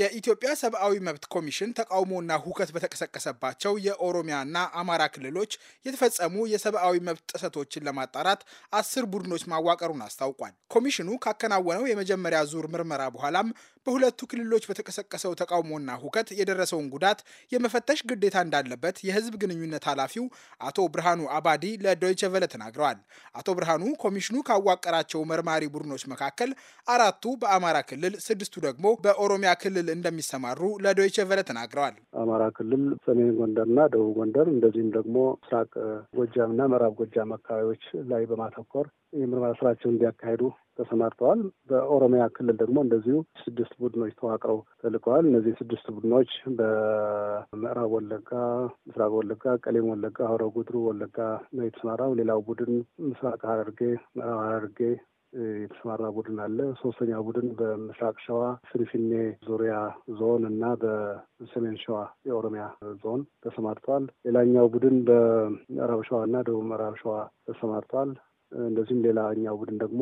የኢትዮጵያ ሰብአዊ መብት ኮሚሽን ተቃውሞና ሁከት በተቀሰቀሰባቸው የኦሮሚያና አማራ ክልሎች የተፈጸሙ የሰብአዊ መብት ጥሰቶችን ለማጣራት አስር ቡድኖች ማዋቀሩን አስታውቋል። ኮሚሽኑ ካከናወነው የመጀመሪያ ዙር ምርመራ በኋላም በሁለቱ ክልሎች በተቀሰቀሰው ተቃውሞና ሁከት የደረሰውን ጉዳት የመፈተሽ ግዴታ እንዳለበት የህዝብ ግንኙነት ኃላፊው አቶ ብርሃኑ አባዲ ለዶይቸ ቨለ ተናግረዋል። አቶ ብርሃኑ ኮሚሽኑ ካዋቀራቸው መርማሪ ቡድኖች መካከል አራቱ በአማራ ክልል፣ ስድስቱ ደግሞ በኦሮሚያ ክልል ክልል እንደሚሰማሩ ለዶይቼ ቨለ ተናግረዋል። አማራ ክልል ሰሜን ጎንደርና ደቡብ ጎንደር እንደዚሁም ደግሞ ምስራቅ ጎጃምና ምዕራብ ጎጃም አካባቢዎች ላይ በማተኮር የምርመራ ስራቸውን እንዲያካሂዱ ተሰማርተዋል። በኦሮሚያ ክልል ደግሞ እንደዚሁ ስድስት ቡድኖች ተዋቅረው ተልቀዋል። እነዚህ ስድስት ቡድኖች በምዕራብ ወለጋ፣ ምስራቅ ወለጋ፣ ቀሌም ወለጋ፣ ሆሮ ጉድሩ ወለጋ ነው የተሰማራው። ሌላው ቡድን ምስራቅ ሐረርጌ፣ ምዕራብ ሐረርጌ፣ የተሰማራ ቡድን አለ። ሶስተኛ ቡድን በምስራቅ ሸዋ ፍንፍኔ ዙሪያ ዞን እና በሰሜን ሸዋ የኦሮሚያ ዞን ተሰማርተዋል። ሌላኛው ቡድን በምዕራብ ሸዋ እና ደቡብ ምዕራብ ሸዋ ተሰማርተዋል። እንደዚሁም ሌላኛው ቡድን ደግሞ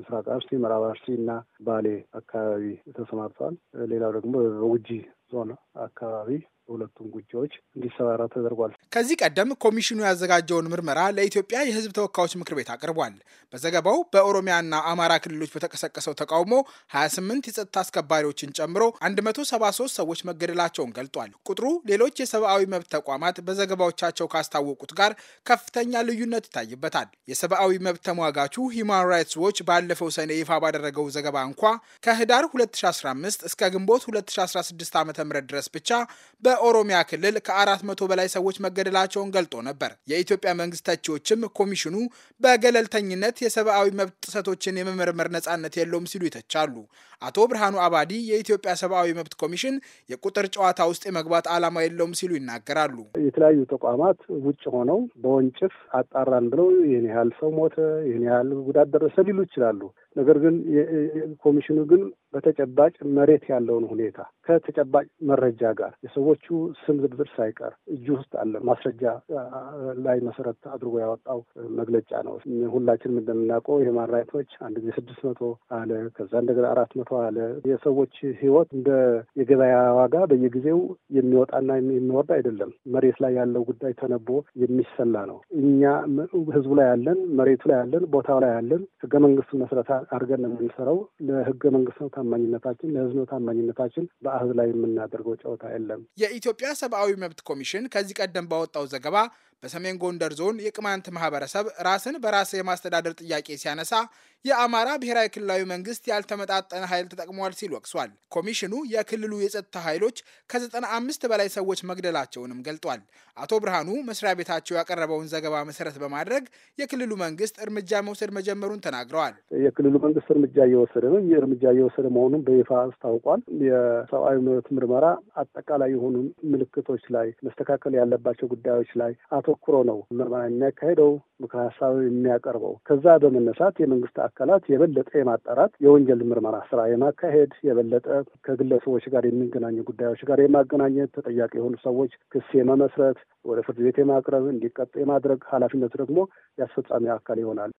ምስራቅ አርሲ፣ ምዕራብ አርሲ እና ባሌ አካባቢ ተሰማርተዋል። ሌላው ደግሞ በውጂ ዞን አካባቢ ሁለቱም ጉጂዎች እንዲሰባራ ተደርጓል። ከዚህ ቀደም ኮሚሽኑ ያዘጋጀውን ምርመራ ለኢትዮጵያ የሕዝብ ተወካዮች ምክር ቤት አቅርቧል። በዘገባው በኦሮሚያና አማራ ክልሎች በተቀሰቀሰው ተቃውሞ 28 የጸጥታ አስከባሪዎችን ጨምሮ 173 ሰዎች መገደላቸውን ገልጧል። ቁጥሩ ሌሎች የሰብአዊ መብት ተቋማት በዘገባዎቻቸው ካስታወቁት ጋር ከፍተኛ ልዩነት ይታይበታል። የሰብአዊ መብት ተሟጋቹ ሂውማን ራይትስ ዎች ባለፈው ሰኔ ይፋ ባደረገው ዘገባ እንኳ ከህዳር 2015 እስከ ግንቦት 2016 ዓ ም ድረስ ብቻ በኦሮሚያ ክልል ከ400 በላይ ሰዎች መገደላቸውን ገልጦ ነበር። የኢትዮጵያ መንግስት ተቺዎችም ኮሚሽኑ በገለልተኝነት የሰብአዊ መብት ጥሰቶችን የመመርመር ነጻነት የለውም ሲሉ ይተቻሉ። አቶ ብርሃኑ አባዲ የኢትዮጵያ ሰብአዊ መብት ኮሚሽን የቁጥር ጨዋታ ውስጥ የመግባት ዓላማ የለውም ሲሉ ይናገራሉ። የተለያዩ ተቋማት ውጭ ሆነው በወንጭፍ አጣራን ብለው ይህን ያህል ሰው ሞተ፣ ይህን ያህል ጉዳት ደረሰ ሊሉ ይችላሉ ይችላሉ። ነገር ግን ኮሚሽኑ ግን በተጨባጭ መሬት ያለውን ሁኔታ ከተጨባጭ መረጃ ጋር የሰዎቹ ስም ዝርዝር ሳይቀር እጁ ውስጥ አለ ማስረጃ ላይ መሰረት አድርጎ ያወጣው መግለጫ ነው። ሁላችንም እንደምናውቀው ሂውማን ራይቶች አንድ ጊዜ ስድስት መቶ አለ፣ ከዛ እንደገና አራት መቶ አለ። የሰዎች ህይወት እንደ የገበያ ዋጋ በየጊዜው የሚወጣና የሚወርድ አይደለም። መሬት ላይ ያለው ጉዳይ ተነቦ የሚሰላ ነው። እኛ ህዝቡ ላይ ያለን፣ መሬቱ ላይ ያለን፣ ቦታው ላይ ያለን ህገ መንግስቱን መሰረት አድርገን ነው የምንሰራው ለህገ መንግስት ነው። ታማኝነታችን ለህዝብ ታማኝነታችን። በአህዝ ላይ የምናደርገው ጨዋታ የለም። የኢትዮጵያ ሰብአዊ መብት ኮሚሽን ከዚህ ቀደም ባወጣው ዘገባ በሰሜን ጎንደር ዞን የቅማንት ማህበረሰብ ራስን በራስ የማስተዳደር ጥያቄ ሲያነሳ የአማራ ብሔራዊ ክልላዊ መንግስት ያልተመጣጠነ ኃይል ተጠቅሟል ሲል ወቅሷል። ኮሚሽኑ የክልሉ የጸጥታ ኃይሎች ከ95 በላይ ሰዎች መግደላቸውንም ገልጧል። አቶ ብርሃኑ መስሪያ ቤታቸው ያቀረበውን ዘገባ መሰረት በማድረግ የክልሉ መንግስት እርምጃ መውሰድ መጀመሩን ተናግረዋል። የክልሉ መንግስት እርምጃ እየወሰደ ነው። ይህ እርምጃ እየወሰደ መሆኑን በይፋ አስታውቋል። የሰብአዊ መብት ምርመራ አጠቃላይ የሆኑ ምልክቶች ላይ መስተካከል ያለባቸው ጉዳዮች ላይ አቶ አተኩሮ ነው ምርመራ የሚያካሄደው፣ ምክር ሀሳብ የሚያቀርበው። ከዛ በመነሳት የመንግስት አካላት የበለጠ የማጣራት የወንጀል ምርመራ ስራ የማካሄድ የበለጠ ከግለሰቦች ጋር የሚገናኙ ጉዳዮች ጋር የማገናኘት ተጠያቂ የሆኑ ሰዎች ክስ የመመስረት ወደ ፍርድ ቤት የማቅረብ እንዲቀጥ የማድረግ ኃላፊነቱ ደግሞ የአስፈጻሚ አካል ይሆናል።